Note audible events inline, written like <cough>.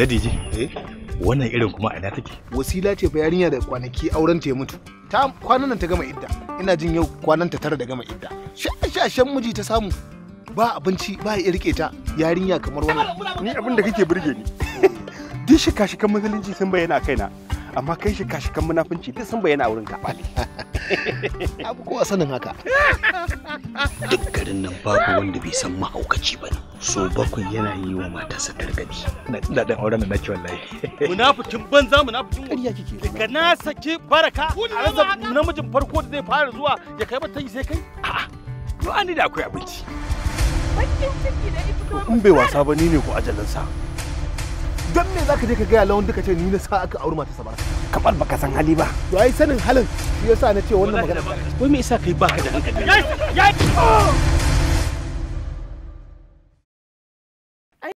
Nadiji. Eh? wannan irin kuma ina take wasila ce fa yarinya da kwanaki auren ta mutu ta kwanan nan ta gama idda ina jin yau kwanan ta tara da gama idda shashashen miji ta samu ba abinci ba ya rike ta yarinya kamar wannan ni abin da kake burge ni <laughs> duk kashi kan musulunci sun bayyana a kaina amma kai shi kashi kan munafunci duk sun bayyana a wurin ka <laughs> <laughs> abu kowa sanin haka duk garin nan babu wanda bai san mahaukaci ba ne so bakwai yana yi wa matarsa gargadi na dan auren da nake wallahi <laughs> munafikin banza munafikin ƙarya kike daga na saki baraka a namijin farko da zai fara zuwa ya kai mata sai kai a'a ko an da akwai abinci in bai wasa ba ni ne ko ajalansa dan me zaka je ka gaya lawan duka ce ni na sa aka auri matarsa bara kamar baka san hali ba to ai sanin halin shi yasa na ce wannan magana wai me yasa kai baka da hankali